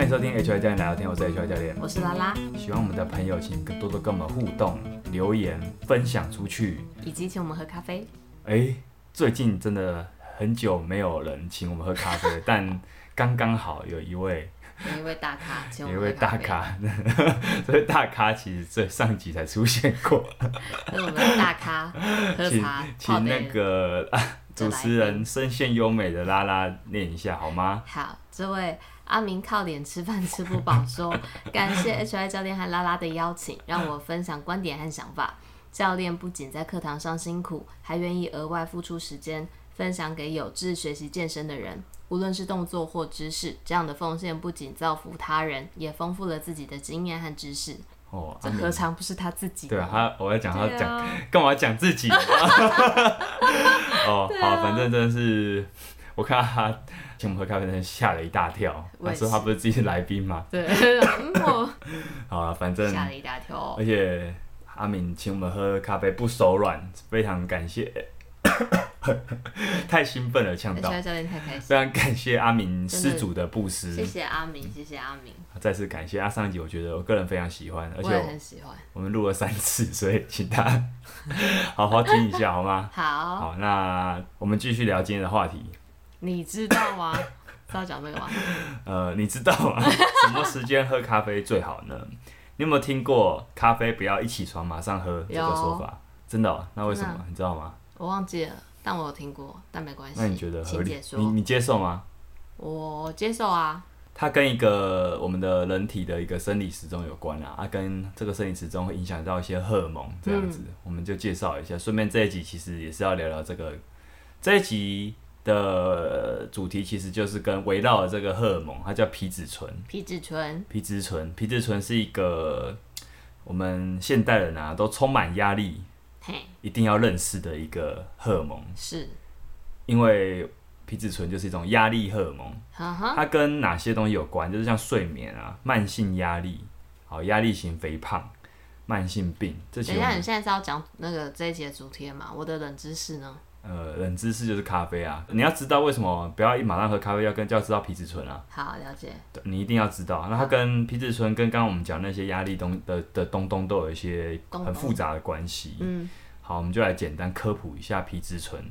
歡迎收聽 HY 教練聊天，我是 HY 教練，我是拉拉。喜歡我們的朋友，請多多跟我們互動、留言、分享出去，以及請我們喝咖啡。哎，最近真的很久沒有人請我們喝咖啡， 但剛剛好有一位，有一位大咖，有一位大咖， 這位大咖其實在上集才出現過。 請我們大咖喝茶，請那個 主持人聲線優美的拉拉念一下好嗎？好，這位。阿明靠臉吃飯，吃不飽。說感謝 HY 教練和拉拉的邀請，讓我分享觀點和想法。教練不僅在課堂上辛苦，還願意額外付出時間，分享給有志學習健身的人，無論是動作或知識。這樣的奉獻不僅造福他人，也豐富了自己的經驗和知識。哦，這何嘗不是他自己的、哦？對啊，他我要講他講，啊，跟我講自己。 哦，好，反正真的是我看。請我們喝咖啡，的真嚇了一大跳。我說他不是自己來賓嗎？對。我好了，反正嚇了一大跳。而且阿茗請我們喝咖啡不手軟，非常感謝。 太興奮了，嗆到。非常感謝阿茗施主的布施。謝謝阿茗，謝謝阿茗。 再次感謝阿、啊，上一集我覺得我個人非常喜歡，而且我，我很喜歡。我們錄了三次，所以請他好好聽一下， 好嗎？好。好，那我們繼續聊今天的話題。你知道嗎？ 知道講這個嗎？呃，你知道嗎？什麼時間喝咖啡最好呢？ 你有沒有聽過“咖啡不要一起床馬上喝”這個說法？有真的、哦？那為什麼？的你知道嗎？我忘記了，但我有聽過，但沒關係。那你覺得合理？你你接受嗎？我接受啊。它跟一個我們的人體的一個生理時鐘有關啊，它、啊、跟這個生理時鐘會影響到一些荷爾蒙這樣子。嗯、我們就介紹一下，順便這一集其實也是要聊聊這個，這一集。的主題其實就是跟圍繞這個荷爾蒙，它叫皮質醇。皮質醇。皮質醇，皮質醇是一個我們現代人啊都充滿壓力，嘿，一定要認識的一個荷爾蒙。是，因為皮質醇就是一種壓力荷爾蒙。嗯哼。它跟哪些東西有關？就是像睡眠啊，慢性壓力，好，壓力型肥胖，慢性病。這些。等一下，你現在是要講那個這一節主題嗎？我的冷知識呢？呃，冷知識就是咖啡啊！你要知道為什麼不要一馬上喝咖啡，要跟就要知道皮質醇啊。好，了解。對，你一定要知道，那它跟皮質醇跟剛剛我們講那些壓力東的的東東都有一些很複雜的關係。嗯，好，我們就來簡單科普一下皮質醇，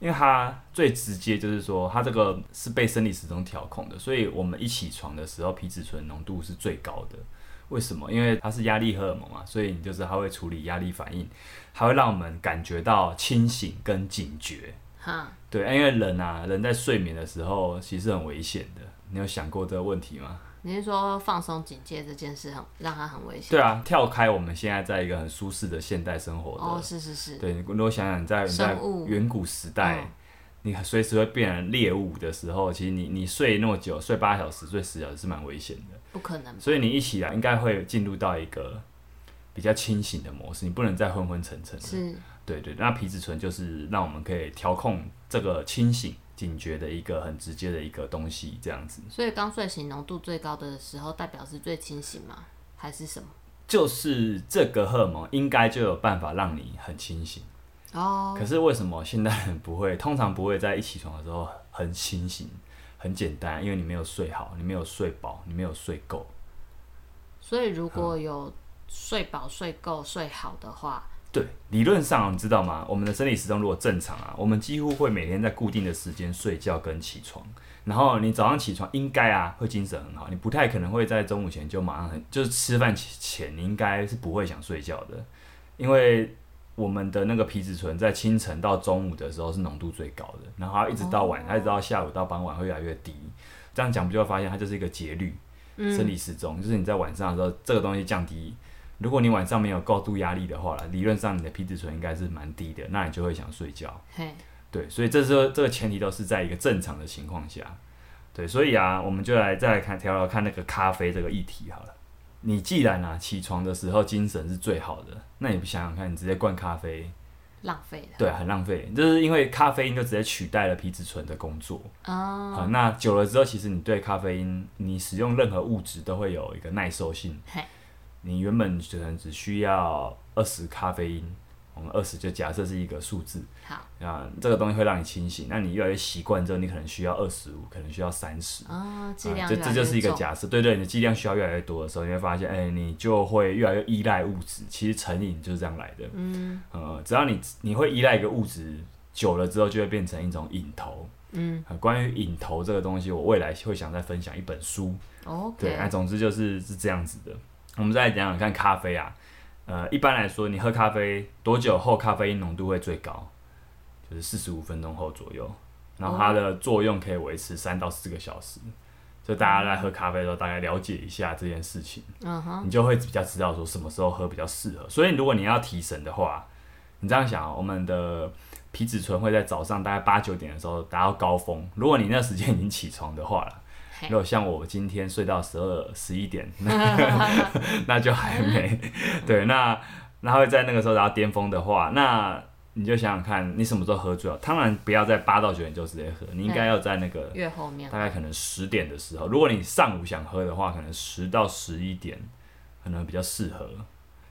因為它最直接就是說，它這個是被生理時鐘調控的，所以我們一起床的時候，皮質醇濃度是最高的。為什麼？因為它是壓力荷爾蒙嘛。所以你就是它會處理壓力反應，它會讓我們感覺到清醒跟警覺。哈，對，因為人啊，人在睡眠的時候其實很危險的。你有想過這個問題嗎？你是說放鬆警戒這件事很讓它很危險？對啊，跳開我們現在在一個很舒適的現代生活的，哦、是是是。對，如果想想你在你在遠古時代，嗯、你隨時會變成獵物的時候，其實你你睡那麼久，睡八小時、睡十小時是蠻危險的。不可能，所以你一起來應該會進入到一個比較清醒的模式，你不能再昏昏沉沉了。是，對，對對。那皮質醇就是讓我們可以調控這個清醒、警覺的一個很直接的一個東西，這樣子。所以剛睡醒濃度最高的時候，代表是最清醒嗎？還是什麼？就是這個荷爾蒙應該就有辦法讓你很清醒。哦、oh。可是為什麼現代人不會？通常不會在一起床的時候很清醒。很簡單，因為你沒有睡好，你沒有睡飽，你沒有睡夠。所以如果有睡飽、嗯、睡夠、睡好的話，對，理論上你知道嗎？我們的生理時鐘如果正常啊，我們幾乎會每天在固定的時間睡覺跟起床。然後你早上起床應該啊會精神很好，你不太可能會在中午前就馬上很，就是吃飯前，你應該是不會想睡覺的，因為。我們的那個皮質醇在清晨到中午的時候是濃度最高的，然後一直到晚，一直、哦、到下午到傍晚會越來越低。這樣講不就會發現它就是一個節律，生理、嗯、時鐘，就是你在晚上的時候這個東西降低。如果你晚上沒有高度壓力的話，理論上你的皮質醇應該是蠻低的，那你就會想睡覺。嘿對，所以這時候這個前提都是在一個正常的情況下，對，所以啊，我們就來再來看，聊聊看那個咖啡這個議題好了。你既然啊起床的時候精神是最好的，那你不想想看，你直接灌咖啡，浪費了。對，很浪費，就是因為咖啡因就直接取代了皮質醇的工作。哦。好、嗯，那久了之後，其實你對咖啡因，你使用任何物質都會有一個耐受性。嘿。你原本可能只需要二十咖啡因。我們二十就假設是一個數字，好啊，這個東西會讓你清醒。那你越來越習慣之後，你可能需要二十五，可能需要三十啊，這、啊啊、這就是一個假設。對，對對，你的劑量需要越來越多的時候，你會發現，哎、欸，你就會越來越依賴物質。其實成癮就是這樣來的。嗯，呃，只要你你會依賴一個物質久了之後，就會變成一種癮頭。嗯，啊、關於癮頭這個東西，我未來會想再分享一本書。哦 okay、對，那總之就是是這樣子的。我們再來講講看咖啡啊。呃，一般來說，你喝咖啡多久後咖啡因濃度會最高？就是四十五分鐘後左右，然後它的作用可以維持三到四個小時。所以大家在喝咖啡的時候，大概了解一下這件事情，你就會比較知道說什麼時候喝比較適合。所以如果你要提神的話，你這樣想哦，我們的皮質醇會在早上大概八九點的時候達到高峰。如果你那時間已經起床的話了。如果像我今天睡到十二十一點，那， 那就還沒。對，那那會在那個時候，然後巔峰的話，那你就想想看，你什麼時候喝最好？當然不要在八到九點就直接喝，你應該要在那個月後面，大概可能十點的時候。如果你上午想喝的話，可能十到十一點可能比較適合。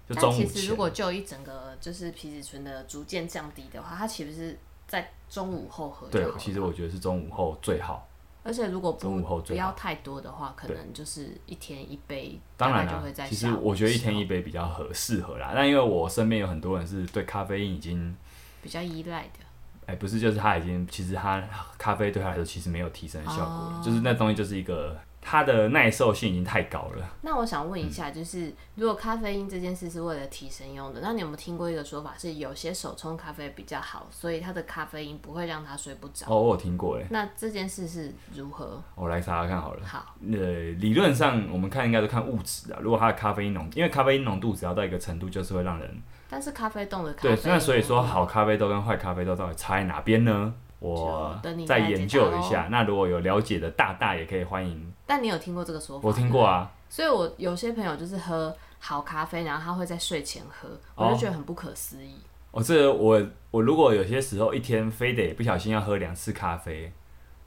就中午，其實如果就一整個就是皮質醇的逐漸降低的話，它其實是在中午後喝，好喝？對，其實我覺得是中午後最好。而且如果不午後不要太多的話，可能就是一天一杯，當然、啊、就會在。其實我覺得一天一杯比較合適合啦。但因為我身邊有很多人是對咖啡因已經比較依賴的，哎，不是，就是他已經，其實他咖啡對他來說其實沒有提升效果，哦、就是那東西就是一個。它的耐受性已經太高了。那我想問一下，就是、嗯、如果咖啡因這件事是為了提神用的，那你有沒有聽過一個說法，是有些手沖咖啡比較好，所以它的咖啡因不會讓它睡不着？哦，我有聽過哎。那這件事是如何？我來查查看好了。好。呃，理論上我們看應該是看物質的、啊，如果它的咖啡因濃，因為咖啡因濃度只要到一個程度，就是會讓人。但是咖啡豆的咖啡因。對，那所以說好咖啡豆跟壞咖啡豆到底差在哪邊呢？我等你再研究一下。那如果有了解的大大也可以歡迎。但你有聽過這個說法嗎？我聽過啊。所以，我有些朋友就是喝好咖啡，然後他會在睡前喝，哦、我就覺得很不可思議。哦這個、我這我我如果有些時候一天非得不小心要喝兩次咖啡，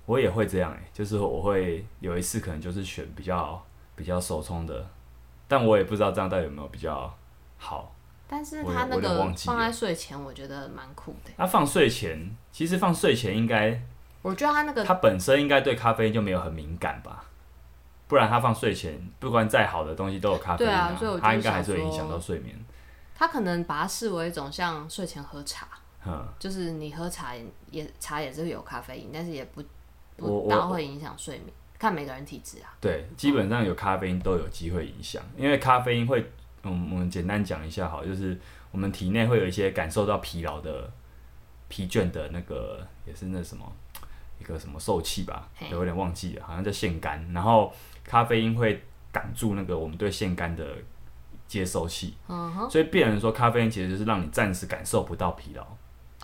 我也會這樣哎、欸，就是我會有一次可能就是選比較比較手沖的，但我也不知道這樣到底有沒有比較好。但是他那個放在睡前，我覺得蠻酷的、欸。他放睡前，其實放睡前應該，我覺得他那個他本身應該對咖啡就沒有很敏感吧。不然他放睡前，不管再好的東西都有咖啡因。啊，對啊、所以我覺得他應該還是會影響到睡眠。他可能把它視為一種像睡前喝茶，嗯、就是你喝茶也茶也是會有咖啡因，但是也不不大會影響睡眠，看每個人體質啊。對，基本上有咖啡因都有機會影響，因為咖啡因會，嗯，我們簡單講一下哈，就是我們體內會有一些感受到疲勞的、疲倦的那個，也是那什麼。一個什麼受器吧，嘿有點忘記了，好像叫腺苷。然後咖啡因會擋住那個我們對腺苷的接收器，嗯、哼所以變成說咖啡因其實就是讓你暫時感受不到疲勞。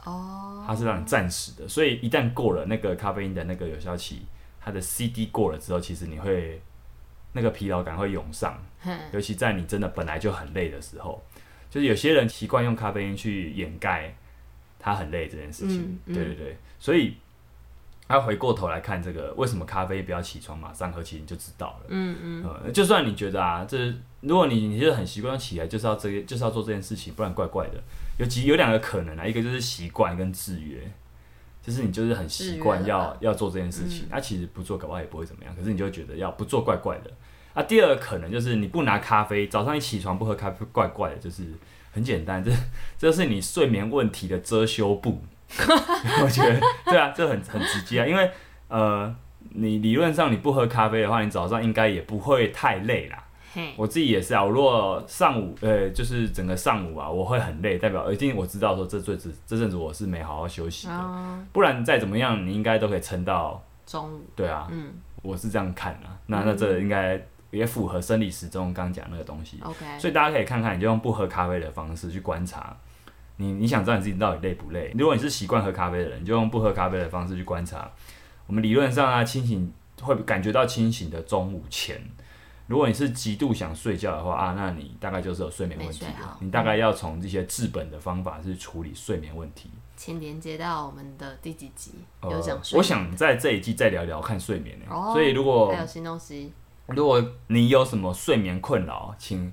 哦，它是讓你暫時的，所以一旦過了那個咖啡因的那個有效期，它的 C D 過了之後，其實你會那個疲勞感會湧上，嗯、尤其在你真的本來就很累的時候，就是有些人習慣用咖啡因去掩蓋他很累這件事情。嗯嗯、對對對，所以。他、啊、回過頭來看這個，為什麼咖啡不要起床馬上喝？其實你就知道了。嗯嗯，嗯。就算你覺得啊，這、就是、如果你你就很習慣起來就是要這，就是要做這件事情，不然怪怪的。有幾有兩個可能啊，一個就是習慣跟制約，就是你就是很習慣要要做這件事情，那、嗯啊、其實不做搞不好也不會怎麼樣。可是你就覺得要不做怪怪的。那、啊、第二個可能就是你不拿咖啡，早上一起床不喝咖啡怪怪的，就是很簡單，這這是你睡眠問題的遮羞布。 我覺得對啊，這很很直接啊，因為呃，你理論上你不喝咖啡的話，你早上應該也不會太累啦。Hey. 我自己也是啊，我如果上午呃，就是整個上午啊，我會很累，代表一定我知道說這最這陣子我是沒好好休息的。Oh. 不然再怎麼樣，你應該都可以撐到中午。對啊，嗯，我是這樣看的啊。那那這應該也符合生理時鐘剛講那個東西。OK，所以大家可以看看，你就用不喝咖啡的方式去觀察。你你想知道你自己到底累不累？如果你是習慣喝咖啡的人，你就用不喝咖啡的方式去觀察。我們理論上啊，清醒會感覺到清醒的中午前。如果你是極度想睡覺的話啊，那你大概就是有睡眠問題。你大概要從這些治本的方法去處理睡眠問題，嗯。請連接到我們的第幾集有想、呃、我想在這一季再聊一聊看睡眠、哦、所以如果還有新東西，如果你有什麼睡眠困擾，請。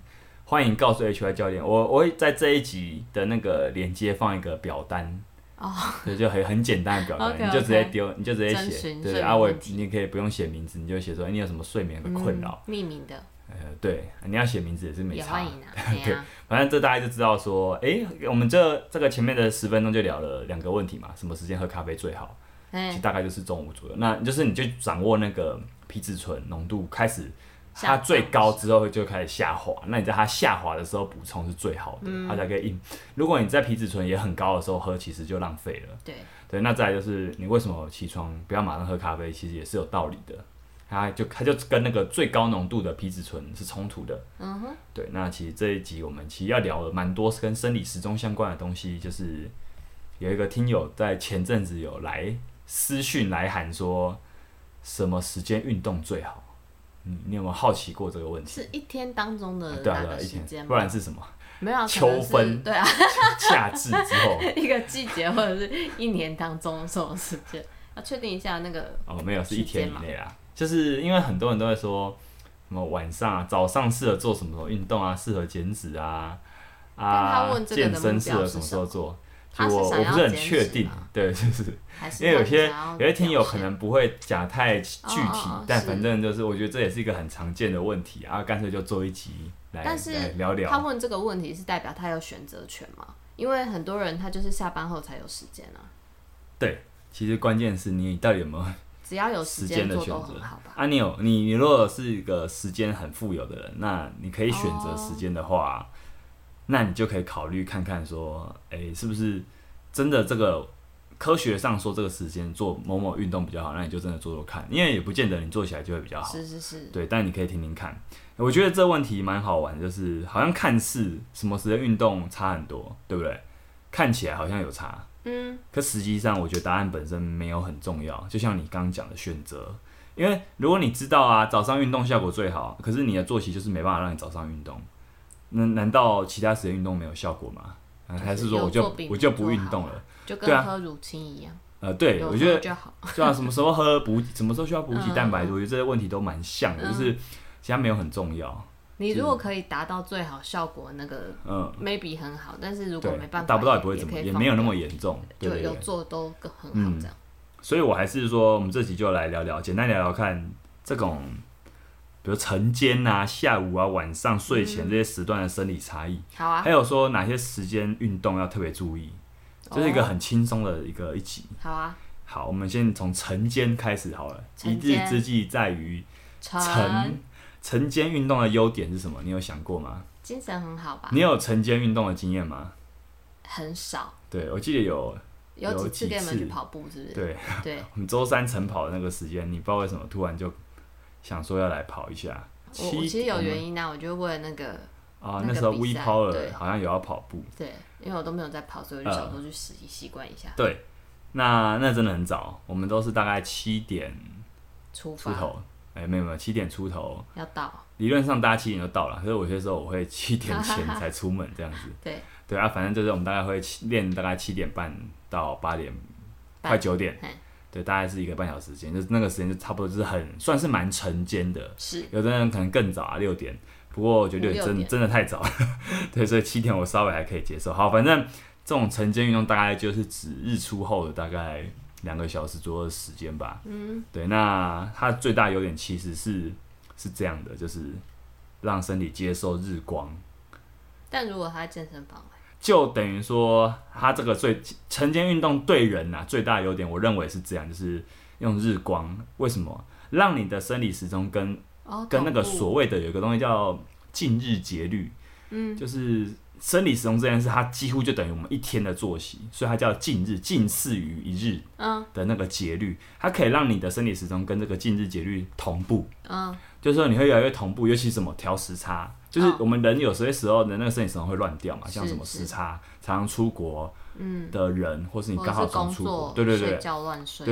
歡迎告訴 H Y 教練，我我會在這一集的那個連接放一個表單，oh. 對，就很很簡單的表單，okay, okay. 你就直接丟，你就直接寫，對，對，啊，我你也可以不用寫名字，你就寫說、欸、你有什麼睡眠的困擾，匿、嗯、名的，呃，對，你要寫名字也是沒差，歡迎啊、對，對啊、反正這大家就知道說，誒、欸，我們這這個前面的十分鐘就聊了兩個問題嘛，什麼時間喝咖啡最好，對，其實大概就是中午左右，嗯、那就是你就掌握那個皮質醇濃度開始。它最高之後就開始下滑，是那你在它下滑的時候補充是最好的，嗯、它才可以硬。如果你在皮質醇也很高的時候喝，其實就浪費了。對對，那再來就是你為什麼起床不要馬上喝咖啡，其實也是有道理的。它就它就跟那個最高濃度的皮質醇是衝突的。嗯哼。對，那其實這一集我們其實要聊的蠻多跟生理時鐘相關的東西，就是有一個聽友在前陣子有來私訊來喊說，什麼時間運動最好？你你有沒有好奇過這個問題？是一天當中的、的時間，啊啊啊啊、不然是什麼？沒有秋分對啊，夏至 之後 一個季節或者是一年當中這種時間？ 要確定一下那個。哦，沒有，是一天以內啊。就是因為很多人都會說什麼晚上、啊、早上適合做什麼什麼運動啊，適合減脂啊啊，健身適合什麼時候做？我我不是很確定，對，就是，是因為有些有些聽友可能不會講太具體，哦哦哦，但反正就是，我覺得這也是一個很常見的問題是啊，乾脆就做一集來，是來聊聊。他問這個問題是代表他有選擇權嗎？因為很多人他就是下班後才有時間啊。對，其實關鍵是你到底有沒有，只要有時間的選擇，好吧？啊，你有，你你如果是一個時間很富有的人，那你可以選擇時間的話。哦那你就可以考慮看看說，哎、欸，是不是真的這個科學上說這個時間做某某運動比較好？那你就真的做做看，因為也不見得你做起來就會比較好。是是是，對，但你可以聽聽看。我覺得這問題蠻好玩，就是好像看似什麼時間運動差很多，對不對？看起來好像有差，嗯。可實際上，我覺得答案本身沒有很重要。就像你剛剛講的選擇，因為如果你知道啊，早上運動效果最好，可是你的作息就是沒辦法讓你早上運動。難難道其他時間運動沒有效果嗎？還是說我就我就不運動了？就跟喝乳清一樣。呃，對，我覺得就好。就像什麼時候喝補，什麼時候需要補給蛋白，我覺得這些問題都蠻像的，就是其他沒有很重要。你如果可以達到最好效果，那個嗯，maybe 很好。但是如果沒辦法，達不到也不會怎麼，也沒有那麼嚴重。對，有做都很好這樣。所以我還是說，我們這集就來聊聊，簡單聊聊看這種。比如晨間吶、啊、下午啊、晚上睡前這些時段的生理差異，嗯啊、還有說哪些時間運動要特別注意，這、哦、是一個很輕鬆的一個一集。好啊，好，我們先從晨間開始好了。間一日之計在於晨，晨，晨間運動的優點是什麼？你有想過嗎？精神很好吧？你有晨間運動的經驗嗎？很少。對，我記得有有幾次，有幾次跑步，是不是？對對。對 我們週三晨跑的那個時間，你不知道為什麼突然就。想說要來跑一下，其實有原因呢，我就為了那個哦，那時候 we 跑了好像也要跑步，對，因為我都沒有在跑，所以我就想說去習習慣一下。對，那那真的很早，我們都是大概七點出頭。哎，沒有沒有，七點出頭要到，理論上大家七點就到了，可是我有些時候我會七點前才出門這樣子。對，對啊，反正就是我們大概會練大概七點半到八點，快九點。對，大概是一個半小時的時間，就是那個時間就差不多，就是很算是蠻晨間的。是，有的人可能更早啊，六點。不過我覺得點六點真真的太早了。 對，所以七點我稍微還可以接受。好，反正這種晨間運動大概就是指日出後的大概兩個小時左右的時間吧。嗯。對，那它最大的優點其實是是這樣的，就是讓身體接受日光。但如果他在健身房。就等於說，它這個最晨間運動對人吶、啊、最大的優點，我認為是這樣，就是用日光，為什麼？讓你的生理時鐘跟、哦、跟那個所謂的有一個東西叫近日節律，嗯、就是生理時鐘這件事，它幾乎就等於我們一天的作息，所以它叫近日，近似於一日的那個節律，哦、它可以讓你的生理時鐘跟這個近日節律同步，哦、就是說你會越來越同步，尤其什麼調時差。就是我們人有些時，時候、oh. 人的那個生理時鐘會亂掉嘛，是像什麼時差，是常常出國的人，嗯、或是你剛好剛出國，作對對對，對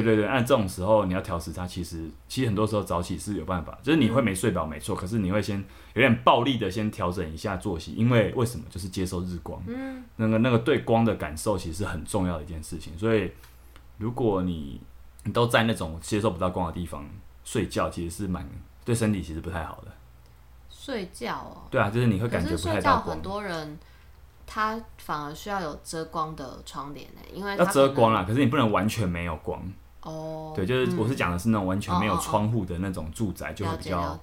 對對，那這種時候你要調時差，其實其實很多時候早起是有辦法，就是你會沒睡飽，沒錯、嗯，可是你會先有點暴力的先調整一下作息，因為為什麼？就是接受日光，嗯，那個那個對光的感受其實是很重要的一件事情，所以如果你,你都在那種接受不到光的地方睡覺，其實是蠻對身體其實不太好的。睡覺哦，對啊，就是你會感覺不太到光。很多人他反而需要有遮光的窗簾呢，因為要遮光啦。可是你不能完全沒有光哦。對，就是我是講的是那種完全沒有窗戶的那種住宅，就會比較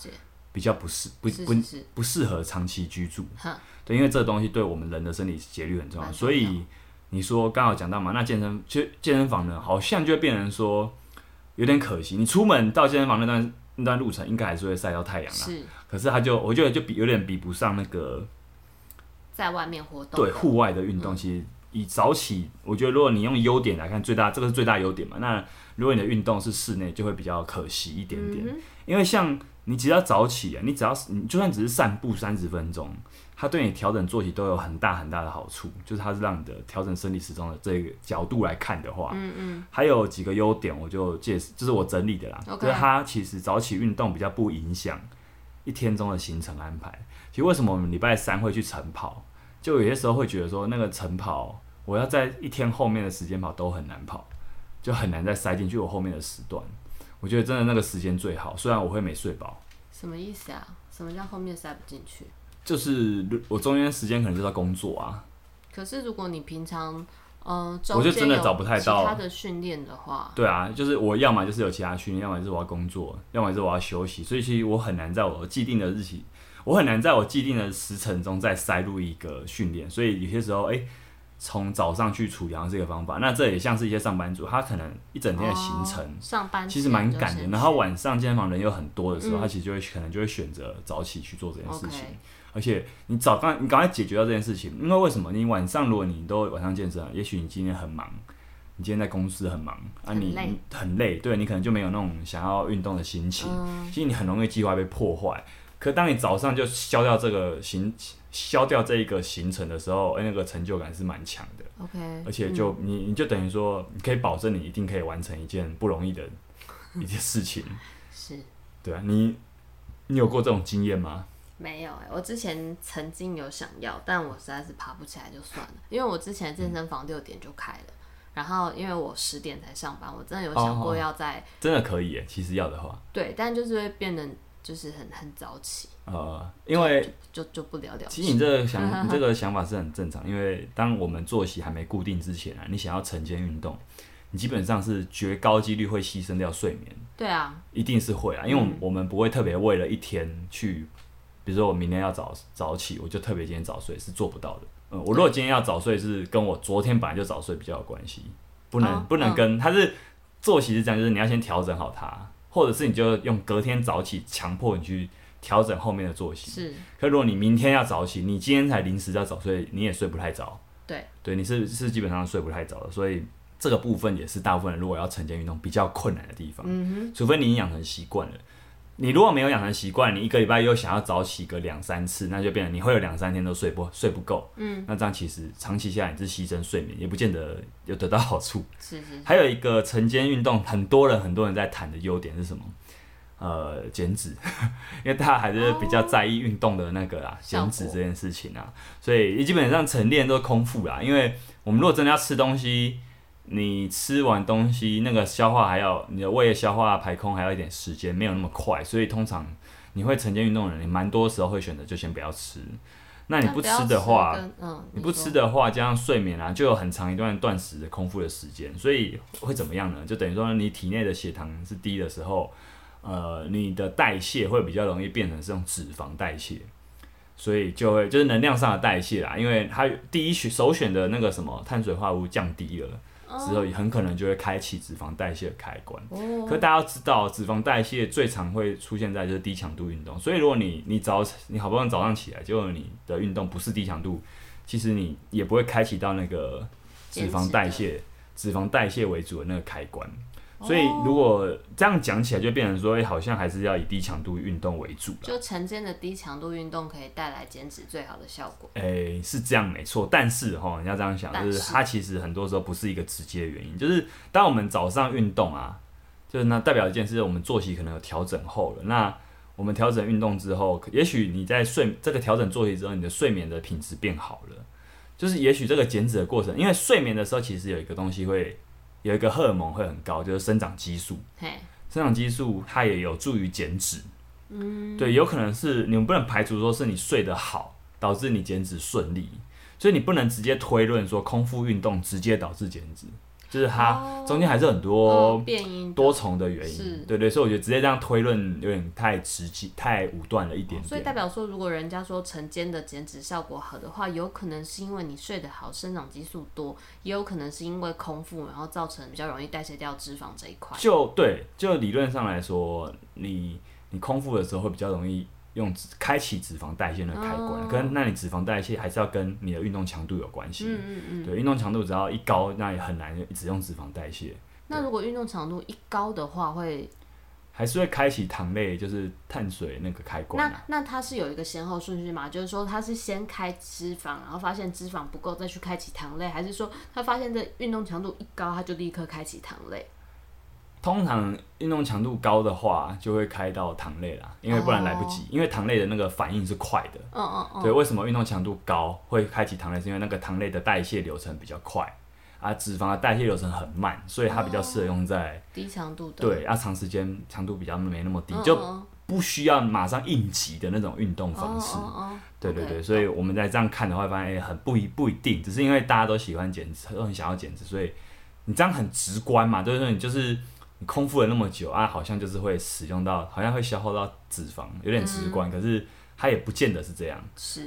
比較不適不不不適合長期居住。對，因為這東西對我們人的生理節律很重要。所以你說剛好講到嘛，那健身其實健身房呢，好像就變成說有點可惜。你出門到健身房那段那段路程，應該還是會曬到太陽啦。可是他就，我覺得就比有點比不上那個，在外面活動對戶外的運動，嗯、其實以早起，我覺得如果你用優點來看，最大這個是最大優點嘛。那如果你的運動是室內，就會比較可惜一點點。嗯、哼因為像你只要早起啊，你只要你就算只是散步三十分鐘，它對你調整作息都有很大很大的好處。就是它是讓你的調整生理時鐘的這個角度來看的話，嗯嗯，還有幾個優點，我就介就是我整理的啦。Okay 就是它其實早起運動比較不影響。一天中的行程安排，其實為什麼我們禮拜三會去晨跑？就有些時候會覺得說，那個晨跑我要在一天後面的時間跑都很難跑，就很難再塞進去我後面的時段。我覺得真的那個時間最好，雖然我會沒睡飽。什麼意思啊？什麼叫後面塞不進去？就是我中間時間可能就在工作啊。可是如果你平常，呃、我就真的找不太到。他的訓練的話，對啊，就是我要麼就是有其他訓練，要麼是我要工作，要麼是我要休息，所以其實我很難在我既定的日期，我很難在我既定的時程中再塞入一個訓練。所以有些時候，哎，從早上去儲糧這個方法，那這也像是一些上班族，他可能一整天的行程，哦、上班其實蠻趕的。然後晚上健身房人又很多的時候，嗯、他其實就會可能就會選擇早起去做這件事情。嗯 okay. 而且你早剛你趕快解決掉這件事情，因為為什麼？你晚上如果你都晚上健身了，也許你今天很忙，你今天在公司很忙很累啊，你很累，對你可能就沒有那種想要運動的心情。嗯、其實你很容易計劃被破壞，可當你早上就消掉這個行消掉這一個行程的時候，哎，那個成就感是蠻強的。OK，而且就你你就等於說，你可以保證你一定可以完成一件不容易的一件事情。嗯、 是，對啊，你你有過這種經驗嗎？沒有、欸、我之前曾經有想要，但我實在是爬不起來就算了，因為我之前健身房六點就開了，嗯、然後因為我十點才上班，我真的有想過要在、哦哦、真的可以其實要的話，對，但就是會變得就是很很早起。呃，因為就就，就，就不了了。其實你這個想你這個想法是很正常，呵呵呵因為當我們作息還沒固定之前啊，你想要晨間運動，你基本上是絕高幾率會犧牲掉睡眠。對啊，一定是會啊，嗯、因為我們不會特別為了一天去。比如說我明天要早早起，我就特別今天早睡是做不到的。嗯，我如果今天要早睡，是跟我昨天本來就早睡比較有關係，不能、哦、不能跟他、哦、是作息是這樣，就是你要先調整好它，或者是你就用隔天早起強迫你去調整後面的作息。是。可是如果你明天要早起，你今天才臨時要早睡，你也睡不太早。對。對，你是是基本上睡不太早的。所以這個部分也是大部分人如果要晨間運動比較困難的地方。嗯哼。除非你已經養成習慣了。你如果沒有養成習慣，你一個禮拜又想要早起個兩三次，那就變成你會有兩三天都睡不睡不夠。嗯，那這樣其實長期下來你是犧牲睡眠，也不見得有得到好處。是是是。還有一個晨間運動，很多人很多人在談的優點是什麼？呃，減脂， 因為大家還是比較在意運動的那個啦，哦、減脂這件事情啊，所以基本上晨練都是空腹啦，因為我們如果真的要吃東西。你吃完東西，那個消化還要你的胃消化排空還要一點時間，沒有那麼快，所以通常你會晨間運動的人，你蠻多的時候會選擇就先不要吃。那你不吃的話，不的嗯、你，你不吃的話，加上睡眠啊，就有很長一段斷食的空腹的時間，所以會怎麼樣呢？就等於說你體內的血糖是低的時候，呃，你的代謝會比較容易變成是用脂肪代謝，所以就會就是能量上的代謝啦，因為它第一選首選的那個什麼碳水化物降低了。之後也很可能就會開啟脂肪代謝的開關。Oh. 可大家都知道，脂肪代謝最常會出現在就是低強度運動。所以如果你你早你好不容易早上起來，結果你的運動不是低強度，其實你也不會開啟到那個脂肪代謝，脂肪代謝為主的那個開關。所以如果這樣講起來，就變成說，欸，好像還是要以低強度運動為主。就晨間的低強度運動可以帶來減脂最好的效果。誒、欸，是這樣沒錯。但是哈，你要這樣想，是就是它其實很多時候不是一個直接的原因。就是當我們早上運動啊，就是那代表一件事，我們作息可能有調整後了。那我們調整運動之後，也許你在睡這個調整作息之後，你的睡眠的品質變好了。就是也許這個減脂的過程，因為睡眠的時候其實有一個東西會。有一個荷爾蒙會很高，就是生長激素。生長激素它也有助於減脂。對，有可能是你們不能排除說是你睡得好，導致你減脂順利，所以你不能直接推論說空腹運動直接導致減脂。就是它中間還是很多，哦，變因多重的原因，是對對，所以我覺得直接這樣推論有點太直接，太武斷了一點點。哦，所以代表說，如果人家說晨間的減脂效果好的話，有可能是因為你睡得好，生長激素多，也有可能是因為空腹，然後造成比較容易代謝掉脂肪這一塊。就對，就理論上來說，你你空腹的時候會比較容易。用開啟脂肪代謝的開關，跟、哦、那你脂肪代謝還是要跟你的運動強度有關係。嗯嗯嗯。對，運動強度只要一高，那也很難一直用脂肪代謝。那如果運動強度一高的話，會還是會開啟醣類，就是碳水那個開關啊。那，那那它是有一個先後順序嗎？就是說它是先開脂肪，然後發現脂肪不夠再去開啟醣類，還是說它發現這運動強度一高，它就立刻開啟醣類？通常運動強度高的話，就會開到糖類啦，因為不然來不及，oh. 因為糖類的那個反應是快的。嗯嗯嗯。對，為什麼運動強度高會開啟糖類？是因為那個糖類的代謝流程比較快，啊，脂肪的代謝流程很慢，所以它比較適合用在、oh. 對低強度的。對、啊，要長時間強度比較沒那麼低，oh, oh. 就不需要馬上應急的那種運動方式。Oh, oh, oh, oh. 對對對。Okay. 所以我們在這樣看的話，發現、欸、很不一不一定，只是因為大家都喜歡減脂，都很想要減脂，所以你這樣很直觀嘛，就是你就是。你空腹了那麼久啊，好像就是會使用到，好像會消耗到脂肪，有點直觀。嗯，可是它也不見得是這樣，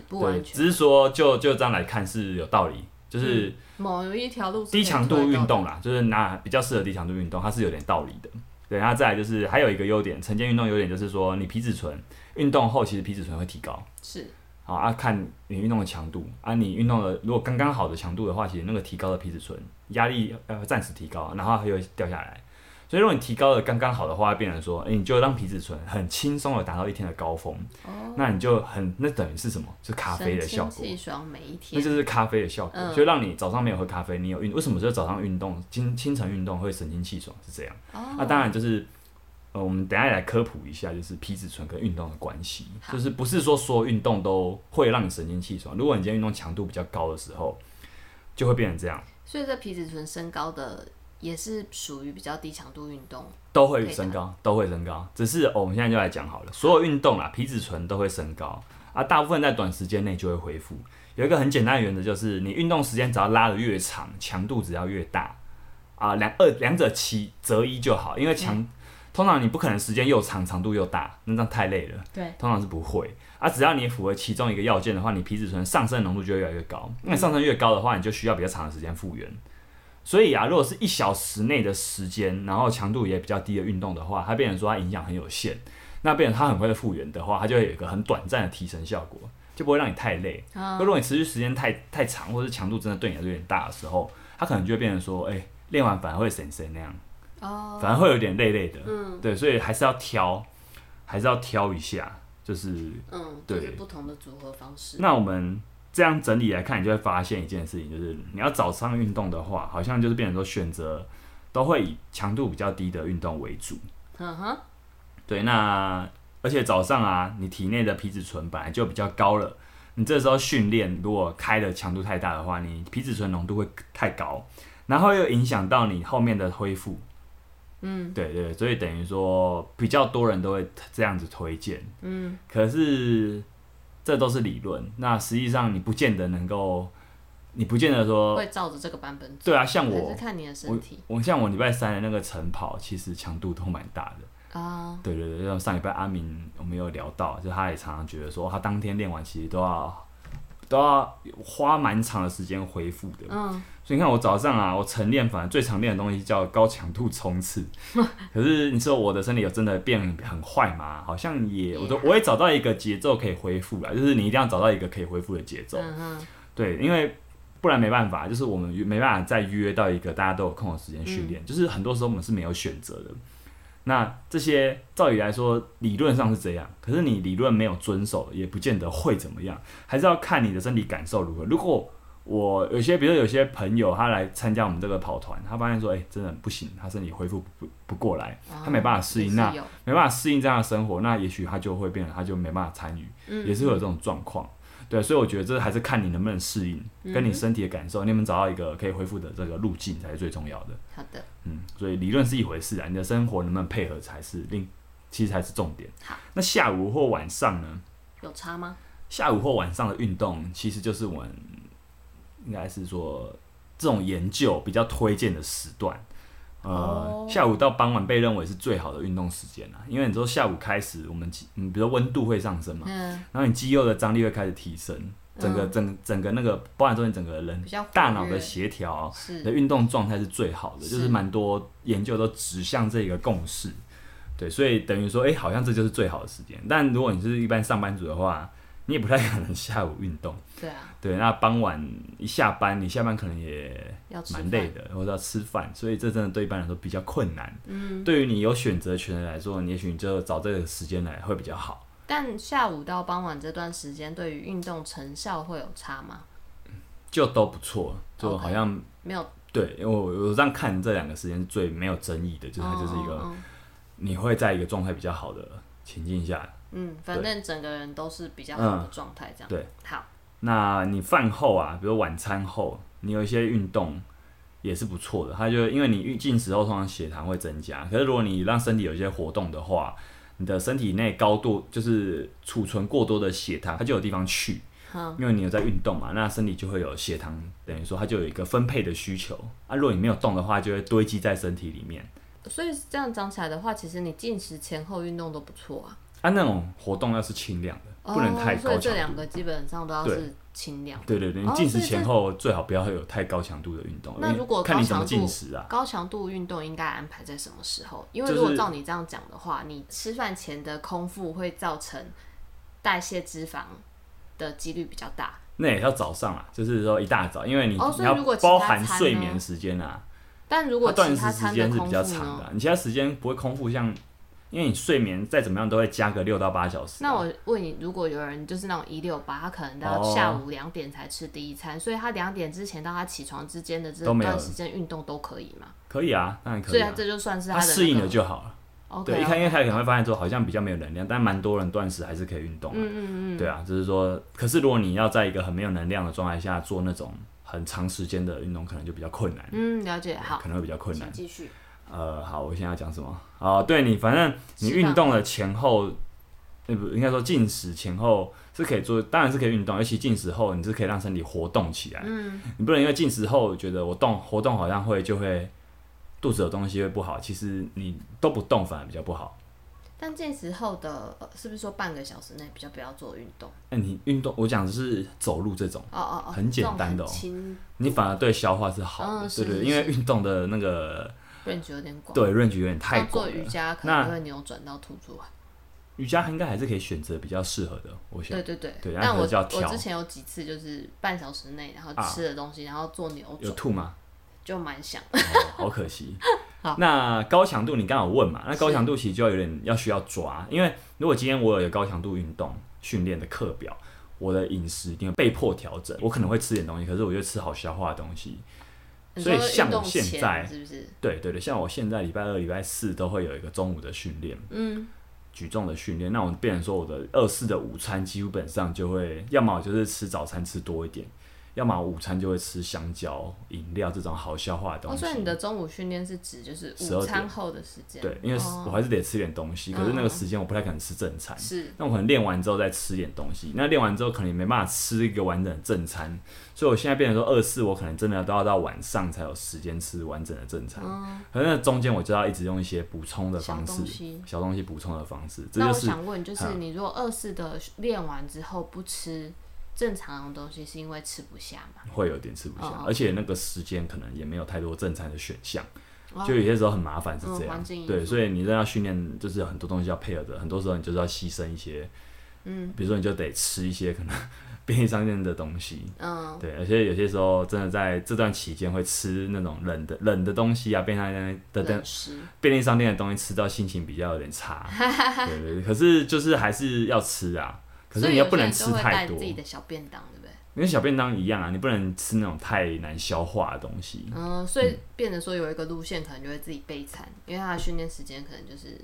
不只是說就就這樣來看是有道理。就是某有一條路低強度運動啦，就是那比較適合低強度運動，它是有點道理的。對，然後再來就是還有一個優點，晨間運動優點就是說你皮質醇運動後其實皮質醇會提高，是好啊，看你運動的強度啊，你運動的如果剛剛好的強度的話，其實那個提高的皮質醇壓力要暫時提高，然後它又掉下來。所以，如果你提高了剛剛好的話，變成說，哎，你就讓皮質醇很輕鬆的達到一天的高峰，哦、那你就很，那等於是什麼？是咖啡的效果，神清氣爽每一天。那就是咖啡的效果，呃、就讓你早上沒有喝咖啡，你有運動。為什麼說早上運動，清清晨運動會神清氣爽？是這樣。那、哦啊、當然就是，呃、嗯，我們等一下來科普一下，就是皮質醇跟運動的關係，哈就是不是說所有運動都會讓你神清氣爽。如果你今天運動強度比較高的時候，就會變成這樣。所以在皮質醇升高的。也是屬於比較低強度運動，都會升高，都會升高。只是、哦、我們現在就來講好了，所有運動啦，皮質醇都會升高啊，啊，大部分在短時間內就會恢復。有一個很簡單的原則，就是你運動時間只要拉得越長，強度只要越大，啊，兩二兩者其擇一就好，因為強，嗯、通常你不可能時間又長，長度又大，那這樣太累了，對，通常是不會。啊，只要你符合其中一個要件的話，你皮質醇上升濃度就會越來越高，因為上升越高的話，你就需要比較長的時間復原。所以啊，如果是一小時內的時間，然後強度也比較低的運動的話，它變成說它影響很有限，那變成它很快的復原的話，它就會有一個很短暫的提升效果，就不會讓你太累。嗯、如果你持續時間太太長，或者強度真的對你來說有點大的時候，它可能就會變成說，哎、欸，練完反而會省省那樣，哦、反而會有點累累的，嗯，對，所以還是要挑，還是要挑一下，就是，嗯，對，不同的組合方式。那我們。這樣整理來看，你就會發現一件事情，就是你要早上運動的話，好像就是變成說選擇都會以強度比較低的運動為主。哼、uh。Huh. 對，那而且早上啊，你體內的皮質醇本來就比較高了，你這時候訓練如果開的強度太大的話，你皮質醇濃度會太高，然後又影響到你後面的恢復。嗯。對,對對，所以等於說比較多人都會這樣子推薦。嗯。可是。這都是理論，那實際上你不見得能夠，你不見得說會照着這個版本。對啊，像我我，我像我禮拜三的那個晨跑，其實強度都蠻大的啊。Uh，對對對，像上禮拜阿明我們有聊到，就他也常常覺得說，他當天練完其實都要。都要花蠻長的時間恢復的，所以你看我早上啊，我晨練，反正最常練的東西叫高強度衝刺。可是你說我的身體有真的變很壞嗎？好像也，我都我也找到一個節奏可以恢復了，就是你一定要找到一個可以恢復的節奏。對，因為不然沒辦法，就是我們沒辦法再約到一個大家都有空的時間訓練，就是很多時候我們是沒有選擇的。那這些，照理來說，理論上是這樣，可是你理論沒有遵守，也不見得會怎麼樣，還是要看你的身體感受如何。如果我有些，比如說有些朋友，他來參加我們這個跑團，他發現說，哎、欸，真的不行，他身體恢復不不過來，他沒辦法適應，哦、那沒辦法適應這樣的生活，那也許他就會變，他就沒辦法參與，嗯、也是會有這種狀況。對，所以我覺得這還是看你能不能適應，跟你身體的感受，嗯、你有沒有找到一個可以恢復的這個路徑才是最重要的。好的，嗯，所以理論是一回事，啊，你的生活能不能配合才是另，其實才是重點。好，那下午或晚上呢？有差嗎？下午或晚上的運動其實就是我們，應該是說這種研究比較推薦的時段。呃，oh. 下午到傍晚被認為是最好的運動時間吶，啊，因為你說下午開始，我們肌，嗯，比如說溫度會上升嘛，嗯、然後你肌肉的張力會開始提升，整個整，嗯、整個那個包含說你整個人大腦的協調的運動狀態是最好的，是就是蠻多研究都指向這一個共識，是對，所以等於說，哎，欸，好像這就是最好的時間，但如果你是一般上班族的話。你也不太可能下午運動，對啊，對，那傍晚一下班，你下班可能也蠻累的，或者要吃飯，所以這真的對一般人來說比較困難。嗯，對於你有選擇權的來說，你也許你就找這個時間來會比較好。但下午到傍晚這段時間，對於運動成效會有差嗎？就都不錯，就好像 okay, 沒有對，因為我我這樣看這兩個時間是最沒有爭議的，就是它就是一個 oh, oh. 你會在一個狀態比較好的情境下。嗯，反正整個人對都是比較好的狀態，這樣、嗯、對。好，那你飯後啊，比如晚餐後，你有一些運動也是不錯的。它就因為你進食後，通常血糖會增加，可是如果你讓身體有一些活動的話，你的身體內高度就是儲存過多的血糖，它就有地方去。嗯，因為你有在運動嘛，那身體就會有血糖，等於說它就有一個分配的需求啊。如果你沒有動的話，就會堆積在身體裡面。所以這樣講起來的話，其實你進食前後運動都不錯啊。啊，那種活動要是輕量的，哦、不能太高強度。這兩個基本上都要是輕量的。對對對，你進食前後最好不要有太高強度的運動。那如果看你怎麼進食啊，高強度運動應該安排在什麼時候？因為如果照你這樣講的話，就是、你吃飯前的空腹會造成代謝脂肪的幾率比較大。那也要早上啊，就是說一大早，因為你要、哦、包含睡眠時間啊。但如果其他餐時間是比較長的、啊，你其他時間不會空腹，像。因為你睡眠再怎麼樣都會加個六到八小時。那我問你，如果有人就是那種一六八，他可能到下午兩點才吃第一餐，所以他兩點之前到他起床之間的這段時間運動都可以嗎？可以啊，當然可以。所以他這就算是他適應了就好了。對，一看，因為他也可能會發現說，好像比較沒有能量，但蠻多人斷食還是可以運動。嗯嗯嗯，對啊，就是說，可是如果你要在一個很沒有能量的狀態下做那種很長時間的運動，可能就比較困難。嗯，了解。好。可能會比較困難。繼續。呃，好，我現在要講什麼？啊、哦，對你，反正你運動的前後，呃方，不應該說進食前後是可以做，當然是可以運動，尤其進食後你是可以讓身體活動起來。嗯，你不能因為進食後覺得我動活動好像會就會肚子有東西會不好，其實你都不動反而比較不好。但進時後的、呃、是不是說半個小時內比較不要做運動？那、哎、你運動，我講的是走路這種哦哦，哦很簡單的哦，你反而對消化是好的，嗯、對不對，嗯、因為運動的那個。Range 有點廣，對，Range 有點太廣。做瑜伽可能會扭轉到吐出來。瑜伽應該還是可以選擇比較適合的。我想對對對，但我我之前有幾次就是半小時內，然後吃的東西，然後做扭轉，有吐嗎？就蠻想的，好可惜。那高強度你剛好問嘛？那高強度其實就要有點要需要抓，因為如果今天我有高強度運動訓練的課表，我的飲食一定會被迫調整。我可能會吃點東西，可是我就吃好消化的東西。所以像我現在，對對對，像我現在禮拜二、禮拜四都會有一個中午的訓練，嗯，舉重的訓練。那我變成說，我的二四的午餐基本上就會，要麼我就是吃早餐吃多一點。要麼午餐就會吃香蕉、飲料這種好消化的東西。哦、所以你的中午訓練是指就是午餐後的時間？對，因為我還是得吃點東西，可是那個時間我不太可能吃正餐。嗯、是。那我可能練完之後再吃點東西，那練完之後可能也沒辦法吃一個完整的正餐，所以我現在變成說二四，我可能真的都要到晚上才有時間吃完整的正餐，嗯、可是那中間我就要一直用一些補充的方式，小東西補充的方式。這就是、那我想問就是，你如果二四的練完之後不吃？嗯正常的東西是因為吃不下嘛，會有點吃不下，哦哦，而且那個時間可能也沒有太多正餐的選項，哦、就有些時候很麻煩，是這樣，哦、對，所以你要訓練，就是很多東西要配合的，很多時候你就是要犧牲一些，嗯，比如說你就得吃一些可能便利商店的東西，嗯、哦，對，而且有些時候真的在這段期間會吃那種冷的冷的東西啊，便利商店的食便利商店的東西吃到心情比較有點差，對對對，可是就是還是要吃啊。可是你又不能吃太多，因為小便當，對不對？跟小便當一樣啊，你不能吃那種太難消化的東西。嗯，所以變得說有一個路線，可能就會自己備餐，因為他的訓練時間可能就是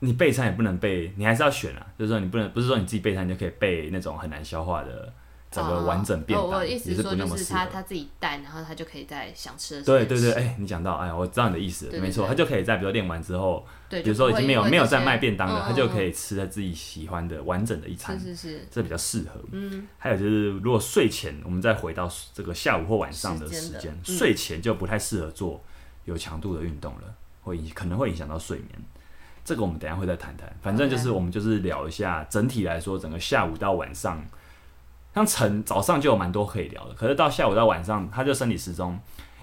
你備餐也不能備，你還是要選啊。就是說你不能，不是說你自己備餐就可以備那種很難消化的。整個完整便當，也是不那麼適合他，他自己帶，然後他就可以在想吃的時候。對對對，哎，你講到，哎呀，我知道你的意思了，沒錯，他就可以在比如說練完之後，比如說已經沒有沒有在賣便當了，他就可以吃他自己喜歡的完整的一餐，是是是，這比較適合。嗯。還有就是，如果睡前我們再回到這個下午或晚上的時間，睡前就不太適合做有強度的運動了，會影可能會影響到睡眠。這個我們等下會再談談，反正就是我們就是聊一下整體來說，整個下午到晚上。剛晨早上就有蠻多可以聊的，可是到下午到晚上，他就生理時鐘。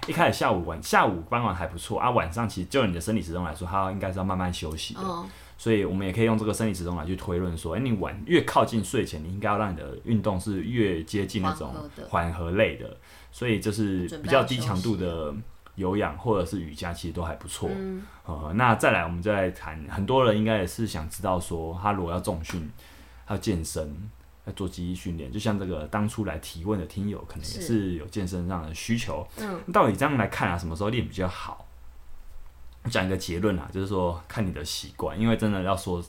一開始下午晚下午傍晚還不錯啊，晚上其實就你的生理時鐘來說，他應該是要慢慢休息的。哦。所以我們也可以用這個生理時鐘來去推論說，哎，你晚越靠近睡前，你應該要讓你的運動是越接近那種緩和類的。嗯。所以就是比較低強度的有氧或者是瑜伽，其實都還不錯。嗯。呃，那再來，我們再來談，很多人應該也是想知道說，他如果要重訓，要健身。要做肌力訓練，就像這個當初來提問的聽友，可能也是有健身上的需求。嗯，到底這樣來看啊，什麼時候練比較好？我講一個結論啊，就是說看你的習慣，因為真的要說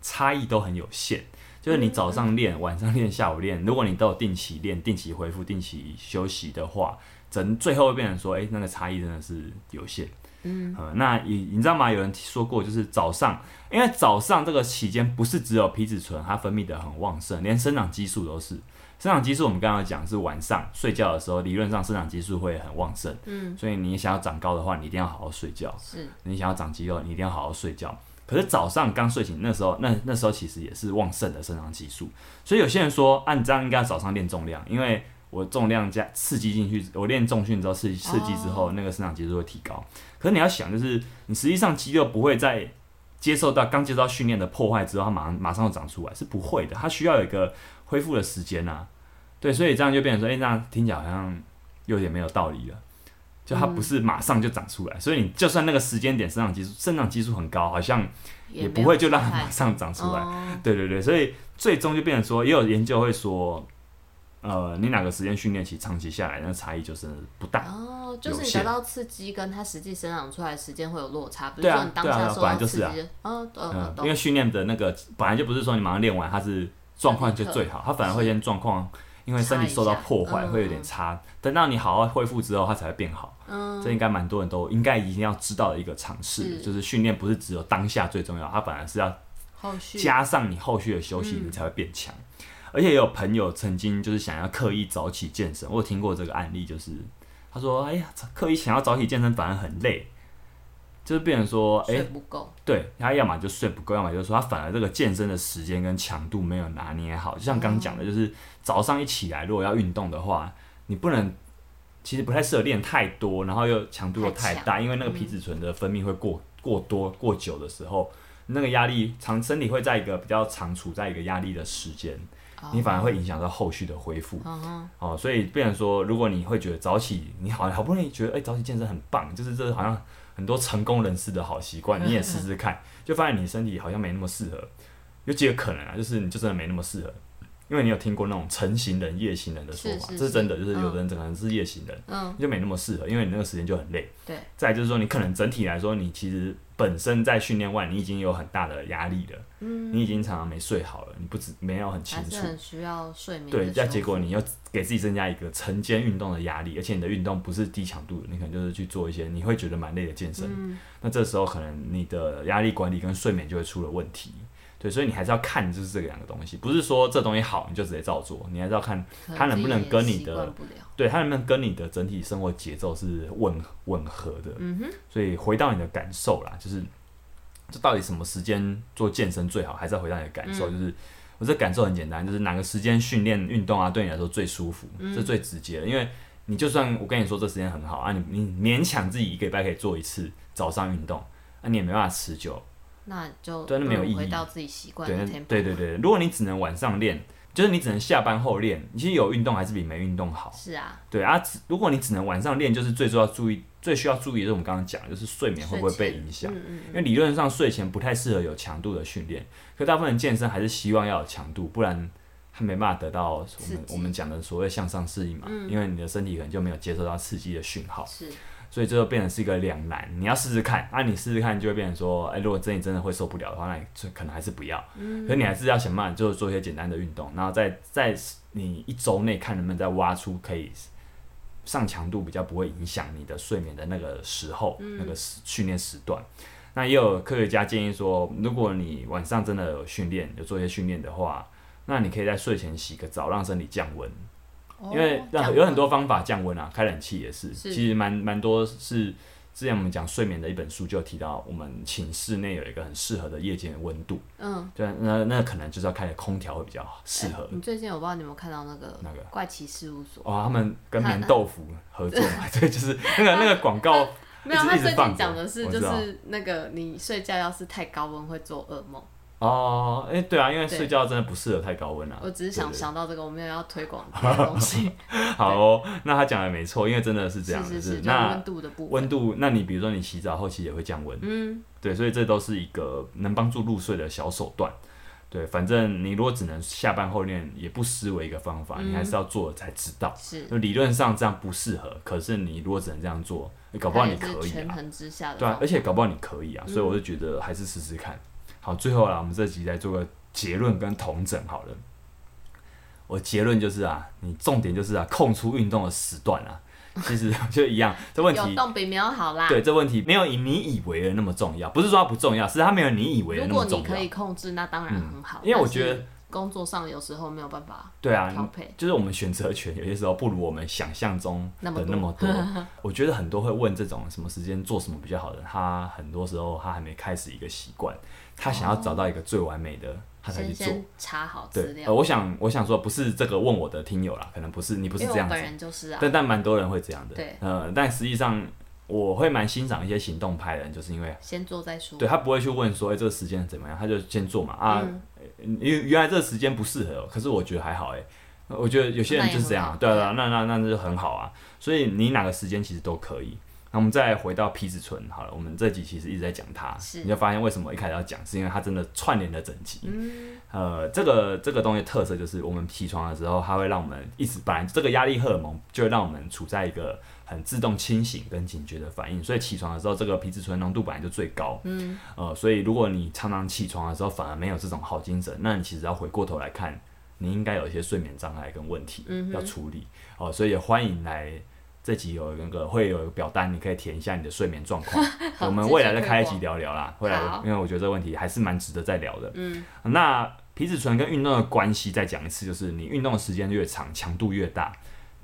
差異都很有限。就是你早上練、晚上練、下午練，如果你都有定期練、定期恢復、定期休息的話，整最後會變成說，哎、欸，那個差異真的是有限。嗯，呃，那你你知道嗎？有人說過，就是早上，因為早上這個期間不是只有皮質醇，它分泌得很旺盛，連生長激素都是。生長激素我們剛剛講是晚上睡覺的時候，理論上生長激素會很旺盛。嗯，所以你想要長高的話，你一定要好好睡覺。是，你想要長肌肉，你一定要好好睡覺。可是早上剛睡醒那時候，那那時候其實也是旺盛的生長激素。所以有些人說，按、啊、這樣應該早上練重量，因為，我重量加刺激進去，我練重訓之後刺激刺激之後，那個生長激素會提高。Oh. 可是你要想，就是你實際上肌肉不會在接受到剛接受到訓練的破壞之後，它馬上馬上就長出來，是不會的。它需要有一個恢復的時間啊。對，所以這樣就變成說，誒、欸，這樣聽起來好像有點沒有道理了。就它不是馬上就長出來，嗯、所以你就算那個時間點生長激素生長激素很高，好像也不會就讓它馬上長出來。出 oh. 對對對，所以最終就變成說，也有研究會說。呃，你哪個時間訓練，其實長期下來，那差異就是不大。哦，就是你得到刺激，跟它實際生長出來的時間會有落差，不是當下受到刺激對、啊。對啊，對啊，本來就是啊。嗯嗯。因為訓練的那個本來就不是說你馬上練完，它是狀況就最好，它反而會先狀況，是因為身體受到破壞會有點差。嗯、等到你好好恢復之後，它才會變好。嗯。這應該蠻多人都應該一定要知道的一個常識。是，就是訓練不是只有當下最重要，它本來是要，加上你後續的休息，嗯、你才會變強。而且也有朋友曾經就是想要刻意早起健身，我有聽過這個案例，就是他說：“哎呀，刻意想要早起健身反而很累。”就是變成說：“哎、欸，睡不夠。”對，他要麼就睡不夠，要麼就是說他反而這個健身的時間跟強度沒有拿捏好。就像剛剛講的，就是、嗯、早上一起來，如果要運動的話，你不能其實不太適合練太多，然後又強度又太大，強因為那個皮質醇的分泌會過過多過久的時候，那個壓力長身體會在一個比較長處在一個壓力的時間。你反而會影響到後續的恢復，嗯、哼哦，所以變成說，如果你會覺得早起，你好好不容易覺得哎、欸、早起健身很棒，就是這是好像很多成功人士的好習慣，你也試試看，對就發現你身體好像沒那麼適合，有幾個可能啊，就是你就真的沒那麼適合，因為你有聽過那種晨型人、夜型人的說法，是，是，是，這是真的，就是有人整個人是夜型人，嗯嗯、就沒那麼適合，因為你那個時間就很累，對，再就是說你可能整體來說你其實。本身在訓練外，你已經有很大的壓力了，嗯、你已經常常沒睡好了，你不止沒有很清楚，還是很需要睡眠的。對，那結果你要給自己增加一個晨間運動的壓力，而且你的運動不是低強度的，你可能就是去做一些你會覺得蠻累的健身。嗯、那這時候可能你的壓力管理跟睡眠就會出了問題。對，所以你還是要看，就是這兩個東西，不是說這東西好你就直接照做，你還是要看它能不能跟你的，對，它能不能跟你的整體生活節奏是吻吻合的。嗯哼。所以回到你的感受啦，就是這到底什麼時間做健身最好，還是要回到你的感受。嗯、就是我這感受很簡單，就是哪個時間訓練運動啊，對你來說最舒服，這、嗯、最直接的。因為你就算我跟你說這時間很好啊你，你你勉強自己一個禮拜可以做一次早上運動，那、啊、你也沒辦法持久。那就真的沒有意義。嗯、回到自己習慣的，對對對對。如果你只能晚上練，就是你只能下班後練，你其實有運動還是比沒運動好。是啊。對啊，只，如果你只能晚上練，就是最重要注意，最需要注意的，我們剛剛講就是睡眠會不會被影響？嗯嗯嗯、因為理論上睡前不太適合有強度的訓練，可大部分人健身還是希望要有強度，不然還沒辦法得到我們己我們講的所謂向上適應嘛。嗯、因為你的身體可能就沒有接受到刺激的訊號。所以這就變成是一個兩難，你要試試看，那、啊、你試試看就會變成說，哎、欸，如果你真的會受不了的話，那你可能還是不要。嗯。可是你還是要想辦法，就是做一些簡單的運動，然後在在你一周內看能不能再挖出可以上強度比較不會影響你的睡眠的那個時候，嗯、那個訓練時段。那也有科學家建議說，如果你晚上真的有訓練，有做一些訓練的話，那你可以在睡前洗個澡，讓身體降溫。因為有很多方法降溫啊，溫開冷氣也是，是其實蠻蠻多是，之前我們講睡眠的一本書就提到，我們寢室內有一個很適合的夜間的溫度。嗯，對，那那個、可能就是要開空調會比較適合、欸。你最近我不知道你有沒有看到那個那個怪奇事務所，那個，哦，他們跟棉豆腐合作嘛，所以他 就是那個那個廣告一直一直沒有，他最近講的是就是那個你睡覺要是太高溫會做噩夢。哦，哎，對啊，因為睡覺真的不適合太高溫啊。我只是想想到這個，我沒有要推廣東西。好哦，那他講的沒錯，因為真的是這樣子。是溫度的部分。溫度，那你比如說你洗澡後期也會降溫，嗯，對，所以這都是一個能幫助入睡的小手段。對，反正你如果只能下班後練，也不失為一個方法。你還是要做才知道。是。就理論上這樣不適合，可是你如果只能這樣做，搞不好你可以。權衡之下。對啊，而且搞不好你可以啊，所以我就覺得還是試試看。好，最後啦，我們這集來做個結論跟統整好了。我結論就是啊，你重點就是啊，空出運動的時段啊，其實就一樣。這問題有動比沒有好啦。對，這問題沒有你你以為的那麼重要，不是說它不重要，是它沒有你以為的那麼重要。如果你可以控制，那當然很好。嗯，因為我覺得。工作上有時候沒有辦法，對啊，就是我們選擇權有些時候不如我們想象中的那麼多。 我覺得很多會問這種什麼時間做什麼比較好的，他很多時候他還沒開始一個習慣，他想要找到一個最完美的，他才去做。哦，先先查好資料。對，呃，我想我想說，不是這個問我的聽友啦，可能不是你不是這樣，我本人就是啊，但但蠻多人會這樣的。對，呃，但實際上。我會蠻欣賞一些行動派的人，就是因為先做再說，對，他不會去問說，哎、欸，這個時間怎麼樣？他就先做嘛啊，因、嗯、原來這個時間不適合，可是我覺得還好哎，我覺得有些人就是這樣，嗯、對，啊對啊，那那那那就很好啊。對所以你哪個時間其實都可以。那我們再回到皮質醇好了，我們這集其實一直在講他是你就發現為什麼一開始要講，是因為他真的串聯了整集。嗯、呃，這個這個東西特色就是，我們起床的時候，他會讓我們一直本來這個壓力荷爾蒙就會讓我們處在一個。很自動清醒跟警覺的反應，所以起床的時候，這個皮質醇濃度本來就最高。嗯，呃，所以如果你常常起床的時候反而沒有這種好精神，那你其實要回過頭來看，你應該有一些睡眠障礙跟問題要處理。哦、嗯哼呃，所以也歡迎來這集有那個會有一個表單，你可以填一下你的睡眠狀況。 好我們未來再開一集聊聊啦，好未來好因為我覺得這個問題還是蠻值得再聊的。嗯，那皮質醇跟運動的關係再講一次，就是你運動的時間越長，強度越大，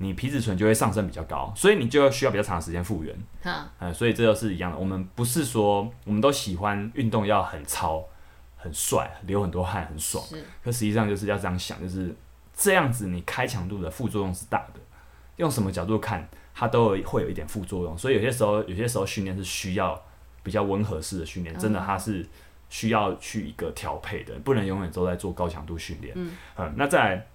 你皮質醇就會上升比較高，所以你就要需要比較長時間復原。嗯、哦呃，所以這就是一樣的。我們不是說我們都喜歡運動要很超、很帥、流很多汗、很爽。是可實際上就是要這樣想，就是這樣子，你開強度的副作用是大的。用什麼角度看，它都有會有一點副作用。所以有些時候，有些時候訓練是需要比較溫和式的訓練。嗯、真的，它是需要去一個調配的，不能永遠都在做高強度訓練。嗯，呃、那在。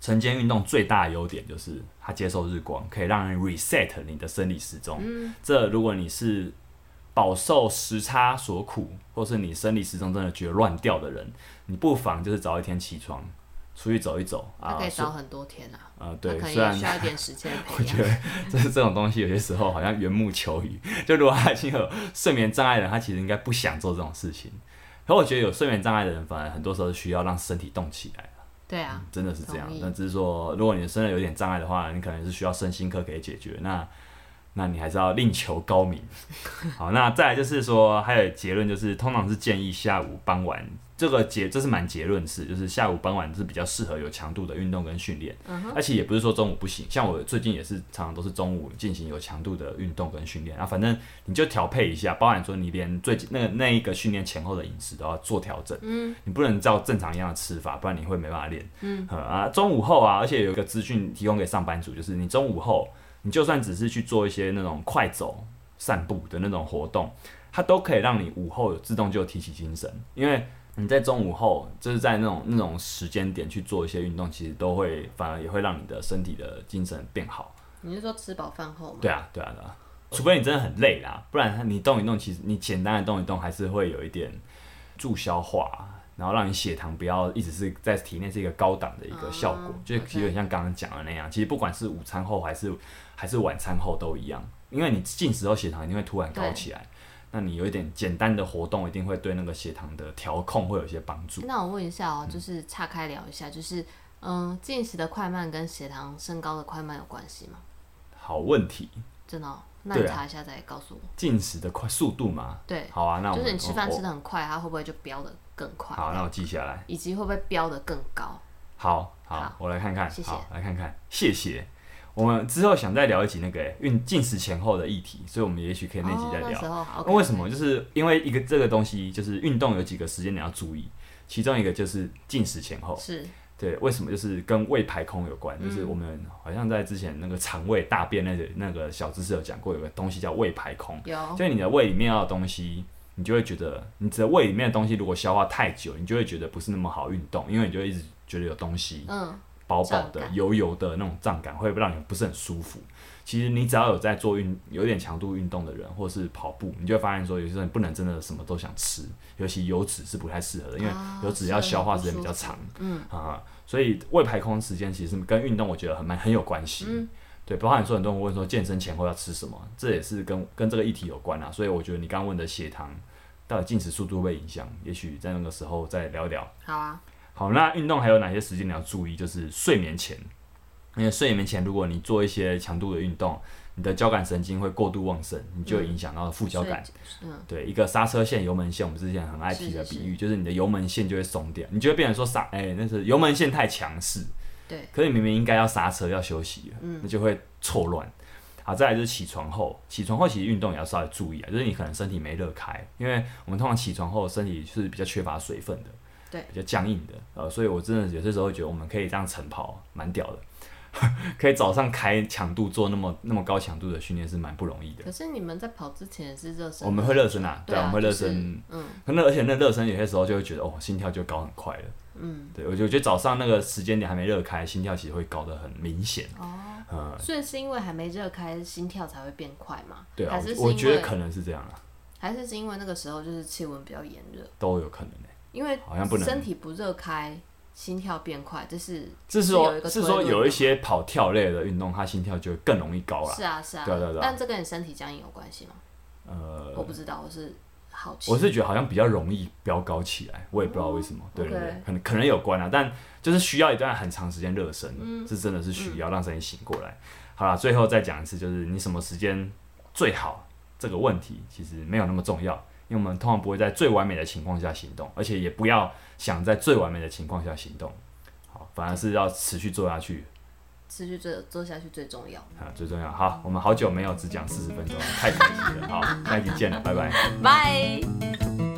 晨間運動最大的優點就是它接受日光，可以讓人 reset 你的生理時鐘。嗯，這如果你是飽受時差所苦，或是你生理時鐘真的覺得亂掉的人，你不妨就是早一天起床，出去走一走啊，他可以早很多天啊。啊，對，可以雖然需要一點時間， 我覺得就是這種東西有些時候好像緣木求魚。就如果他已經有睡眠障礙的人，他其實應該不想做這種事情。可我覺得有睡眠障礙的人，反而很多時候需要讓身體動起來。對啊、嗯，真的是這樣。那意只是說，如果你的生理有點障礙的話，你可能是需要身心科可以解決。那，那你還是要另求高明。 好，那再來就是說，還有結論就是，通常是建議下午傍晚。這個結，這是蠻結論式，就是下午傍晚是比較適合有強度的運動跟訓練，uh huh. 而且也不是說中午不行，像我最近也是常常都是中午進行有強度的運動跟訓練，啊，反正你就調配一下，包含說你連最那那一個訓練前後的飲食都要做調整，嗯、mm，hmm. 你不能照正常一樣的吃法，不然你會沒辦法練，嗯、mm，hmm. 啊，中午後啊，而且有一個資訊提供給上班族，就是你中午後你就算只是去做一些那種快走、散步的那種活動，它都可以讓你午後自動就提起精神，因為。你在中午後，就是在那種那種時間點去做一些運動，其實都會反而也會讓你的身體的精神變好。你是說吃飽飯後嗎？對啊，對啊，對啊，除非你真的很累啦，不然你動一動，其實你簡單的動一動，還是會有一點助消化，然後讓你血糖不要一直是在體內是一個高檔的一個效果，啊、就其實很像剛剛講的那樣，嗯 okay、其實不管是午餐後還是還是晚餐後都一樣，因為你進食後血糖一定會突然高起來。那你有一點簡單的活動，一定會對那個血糖的調控會有一些幫助。那我問一下哦，就是岔開聊一下，就是嗯、呃，進食的快慢跟血糖升高的快慢有關係嗎？好問題，真的。哦，那你查一下再告訴我，啊。進食的快速度嘛？對，好啊，那我就是你吃飯吃得很快，它我會不會就飆得更快？好，那我記下來。以及會不會飆得更高？好好，好好，我來看看，謝謝好，來看看，謝謝。我們之後想再聊一集那個運、欸、進食前後的議題，所以我們也許可以那集再聊。哦、那為什麼？Okay. 就是因為一個這個東西，就是運動有幾個時間你要注意，其中一個就是進食前後。是。對，為什麼？就是跟胃排空有關。嗯、就是我們好像在之前那個腸胃大便那個那個小知識有講過，有個東西叫胃排空。就是有你的胃裡面要的東西，你就會覺得，你的胃裡面的東西如果消化太久，你就會覺得不是那麼好運動，因為你就一直覺得有東西。嗯。飽飽的、感油油的那種脹感，會讓你不是很舒服。其實你只要有在做運、有點強度運動的人，或是跑步，你就會發現說，有些人不能真的什麼都想吃，尤其油脂是不太適合的，因為油脂要消化時間比較長。啊嗯啊，所以胃排空時間其實跟運動我覺得很蠻很有關係。嗯、對，包含你說很多人會問說健身前後要吃什麼，這也是跟跟這個議題有關啊。所以我覺得你剛剛問的血糖到底進食速度會影響，也許在那個時候再聊一聊。好啊。好，那運動還有哪些時間你要注意？就是睡眠前，因為睡眠前如果你做一些強度的運動，你的交感神經會過度旺盛，你就會影響到副交感。嗯嗯、對，一個剎車線、油門線，我們之前很愛提的比喻，是是是，就是你的油門線就會鬆掉，你就會變成說剎，哎、欸，那是油門線太強勢。對，可是你明明應該要剎車、要休息，那就會錯亂。嗯、好，再來就是起床後，起床後其實運動也要稍微注意啊，就是你可能身體沒熱開，因為我們通常起床後身體是比較缺乏水分的。對，比較僵硬的，呃，所以我真的有些時候覺得我們可以這樣晨跑，蠻屌的，可以早上開強度做那麼那麼高強度的訓練是蠻不容易的。可是你們在跑之前是熱身？我們會熱身啊，對，我們會熱身。嗯，那而且那熱身有些時候就會覺得哦，心跳就高很快了。嗯，對，我就覺得早上那個時間點還沒熱開，心跳其實會高得很明顯。哦，呃，所以是因為還沒熱開，心跳才會變快嘛？對，還是我覺得可能是這樣啊。還是是因為那個時候就是氣溫比較炎熱，都有可能。因為好像不能身體不熱開，心跳變快，這是這是說，是，是說有一些跑跳類的運動，它心跳就會更容易高了。是啊，是啊，對對對。但這跟你身體僵硬有關係嗎？呃，我不知道，我是好奇。我是覺得好像比較容易飆高起來，我也不知道為什麼。嗯、對，對對，嗯、可能可能有關啊。但就是需要一段很長時間熱身，嗯、這是真的是需要讓自己醒過來。嗯、好了，最後再講一次，就是你什麼時間最好？這個問題其實沒有那麼重要。因為我們通常不會在最完美的情況下行動，而且也不要想在最完美的情況下行動。好，反而是要持續做下去，持續做做下去最重要。啊，最重要。好，我們好久沒有只講四十分鐘了，太可惜了。 好，那今天見了， 拜拜，拜。